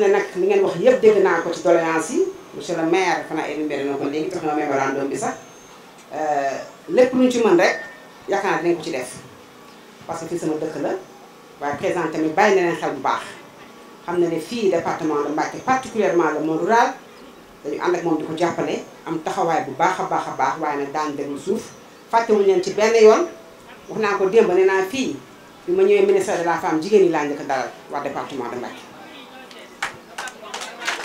wax nag li ngeen wax yëpp dégg naa ko ci doléance yi monsieur le maire fana énuméré na ko léegi tax na mémorandum bi euh, lépp lu ci mën rek yaakaar naa dinañ ci def parce que fii sama dëkk la waaye président tamit bàyyi na leen xel bu baax xam na ne fii département de Mbacké particulièrement le monde rural dañu ànd ak moom di ko jàppale am taxawaay bu baax a baax a baax waaye nag daan déglu suuf fàttewuñu leen ci benn yoon wax naa ko démb ne fii bi ma ñëwee ministère de la am jigéen ñi laa njëkk dalal waa département de Mbacké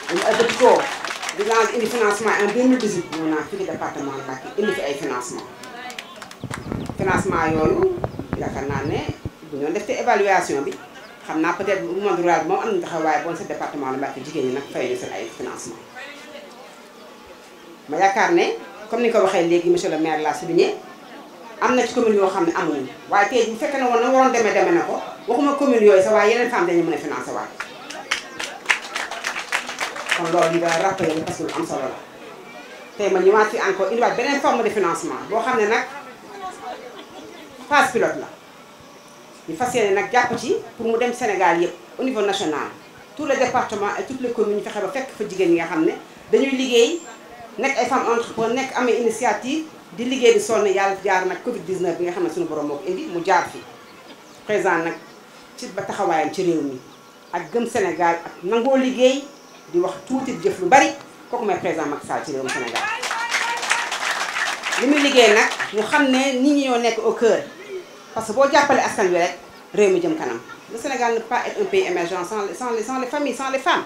avec ko dinaa indi financement en 2018 ñëw naa fii département Mbacké indi fi ay financement financement yooyu yaakaar naa ne bu ñoo def te évaluation bi xam naa peut-être bu monde rural moom am na taxawaay bon sa département Mbacké jigéen ñi nag fay ñu seen ay financement ma yaakaar ne comme ni ko waxee léegi monsieur le maire l'a souligné am na ci commune yoo xam ne amuñu waaye tey bu fekkee ne woon na waroon demee demee na ko waxuma commune yooyu sax a financer waaye kon loolu li nga rappelé ni parce que lu am solo la tey ma ñëwaat fi encore indiwaat beneen forme de financement boo xam nak nag phase pilote la ñu fas yéene nag jàpp ci pour mu dem Sénégal yëpp au niveau national tous les départements et toutes les communes ñu fexe ba fekk fa jigéen ñi nga xam ne dañuy liggéey nekk ay femmes entrepreneurs nekk amee initiative di liggéey di sonna yàlla jaar nak Covid 19 bi nga xamné suñu borom moo ko indi mu jaar fi présent nak ci ba taxawaayam ci réew mi ak gëm Sénégal ak nangoo liggéey di wax tuuti jëf lu bari kooku mooy président Macky Sall ci réewum Sénégal li muy nak ñu xamné nit ñi ñoo nekk au cœur parce que bo jappalé askan wi rek réew mi jëm kanam le Sénégal ne pas être un pays émergent sans les sans les familles sans les femmes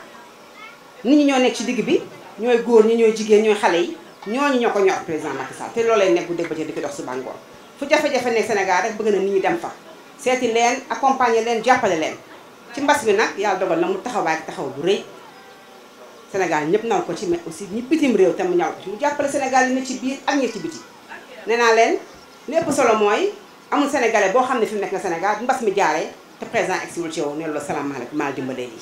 nit ñi ñoo nekk ci digg bi ñoy góor ñi ñooy jigéen ñooy xale yi ñooñu ñoo ko ñor président Macky Sall te loolee nekk bu dégg ba ci dox suba bangor fu jafé jafé né Sénégal rek bëgg na nit ñi dem fa séti leen accompagner leen jappalé leen ci mbass bi nak yalla dogal na mu taxawaay taxaw bu reuy Sénégal ñëpp nañ ko ci mais aussi ñi bitim réew te mu ñaw ci mu jappalé Sénégal yi ne ci biir ak ñi ci biti nee naa leen solo moy amul sénégalais bo xamné ne fi mu nekk nga Sénégal mbas mi jaaree te président exiwul ci yow ne la salaamaaleykum maa dimbalee lii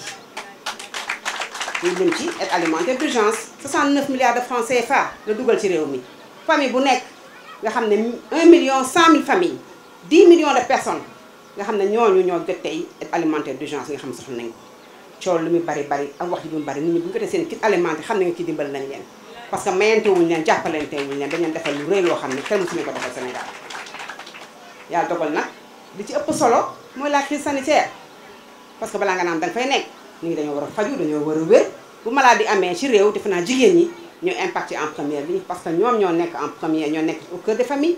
ñu jëm ci aide alimentaire d'urgence 69 milliards de francs CFA le dougal ci réew mi famille bu nek nga xamné 1 million 100 000 familles 10 millions de personnes nga xamné ne ñooñu ñoo jot tey aide alimentaire d'urgence nga xam ne nañ ko coow lu bari bari ak wax ji mu bari nit ñi bu ñu jotee seen kit alimenté xam ne nga ci dimbal nañ leen parce que mayenté wuñ leen jappalenté wuñ leen dañ leen defal lu reuy lo xamni ne kenn suñu ko defal Sénégal ya dogal nak li ci ëpp solo moy la crise sanitaire parce que bala nga naam dang fay nekk nit ñi dañu wara faju dañu wara wër bu maladie amé ci réew defe jigéen ñi ñoo impacté en première bi parce que ñom ñoo nekk en première ñoo nekk au cœur des familles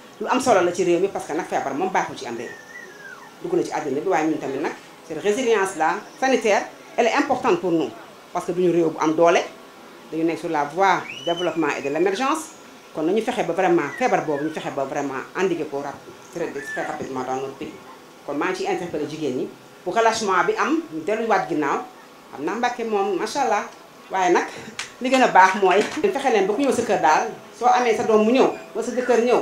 lu am solo la ci réew parce que nak feebar mom baaxul ci am réew dugg ci aduna bi waaye ñun tamit nak cette résilience là sanitaire elle est importante pour nous parce que duñu réew bu am doole dañu nekk sur la voie du développement et de l'émergence kon nañu fexé ba vraiment feebar bobu ñu fexé ba vraiment endiguer ko rap très rapidement dans notre pays kon ma ci ciy interpellé jigéen ñi bu relâchement bi am ñu delluwaat ginnaaw ginnaw naa mbàkke mom machallah waye nak li gëna a baax mooy fexe leen ba ku ñëw sa kër dal so amé sa doom mu ñëw wala sa jëkkër ñëw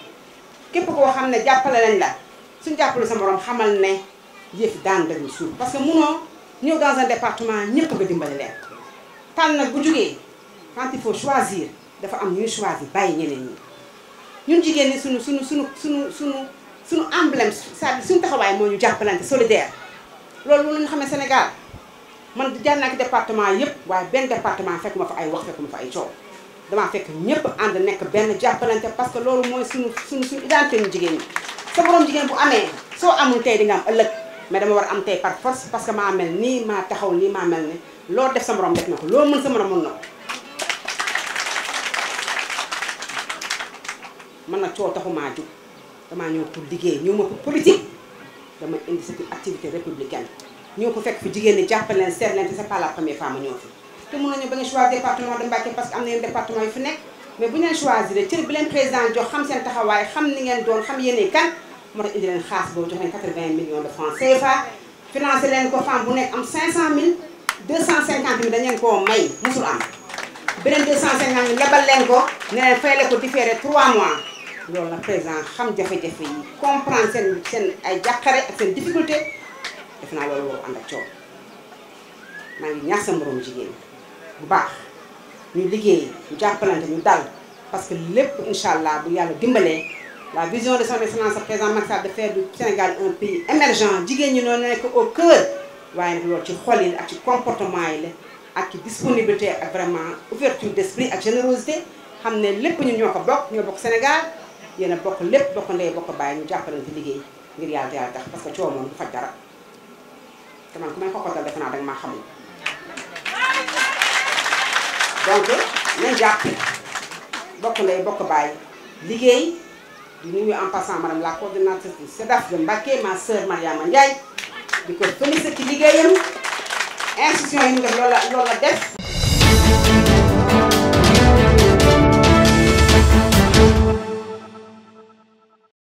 képp koo xam ne jàppale nañ la suñ jàppale sa morom xamal ne yëf daan dañu suuf parce que munoo ñëw dans un département ñëpp nga dimbali leen tànn nag bu jugee quand il faut choisir dafa am ñuy choisir bàyyi ñeneen ñi ñun jigéen ñi suñu suñu suñu suñu suñu suñu emblème c'est-à-dire suñu taxawaay moo ñu jàppalante solidaire loolu loolu ñu xamee Sénégal man jaar naa ci département yëpp waaye benn département fekkuma fa ay wax fekkuma fa ay coow damaa fekk ñëpp ànd nekk benn jàppalante parce que loolu mooy suñu suñu suñu identité ñu jigéen ñi sa borom jigéen bu amee soo amul tey di nga am ëllëg mais dama war am tey par force parce que maa mel nii maa taxaw nii maa mel ni loo def sa morom def na ko loo mën na ko man nag coo taxumaa jug damaa ñëw pour liggéey ñëw ma pour politique dama indi si une activité républicaine ñëw ko fekk fi jigéen ñi jàppale leen seet leen te c'est ma ñëw fi te mën nañu ba nga choisir département de Mbacké parce que am na yeneen département yu fi nekk mais bu ñu leen choisir cër bi leen président jox xam seen taxawaay xam ni ngeen doon xam yéenee kan moo tax indi leen xaas boobu jox leen 80 millions de francs CFA financé leen ko femme bu nekk am 500000 250000 dañ leen koo may musul am beneen 250000 lebal leen ko ne leen fayale ko différé 3 mois loolu la président xam jafe-jafe yi comprendre seen ay jàqare ak seen difficulté def naa loolu woowu ànd ak coow maa ngi ñaax sa moroom jigéen bu baax ñu liggéey ñu jàppalante ñu dal parce que lépp incha allah bu yàlla dimbalee la vision de son excellence président Macky Sall de faire du Sénégal un pays émergent jigéen ñi noonu nekk au cœur waaye nag loolu ci xol yi ak ci comportement yi la ak disponibilité ak vraiment ouverture d'esprit ak générosité xam ne lépp ñun ñoo ko bokk ñoo bokk Sénégal yéen a bokk lépp bokk ndey bokk bàyyi ñu jàppalante liggéey ngir yàlla yàlla tax parce que coow moom du faj dara te man ku may xoxotal defe naa danga donc nañ jàpp bokk ndey bokk bay liggéey di nuyu en passant madame la coordonnatrice du SEDAF de Mbacké ma sœur Mariama Ndiaye di ko félicité ci liggéeyam institution yi ñu loola loola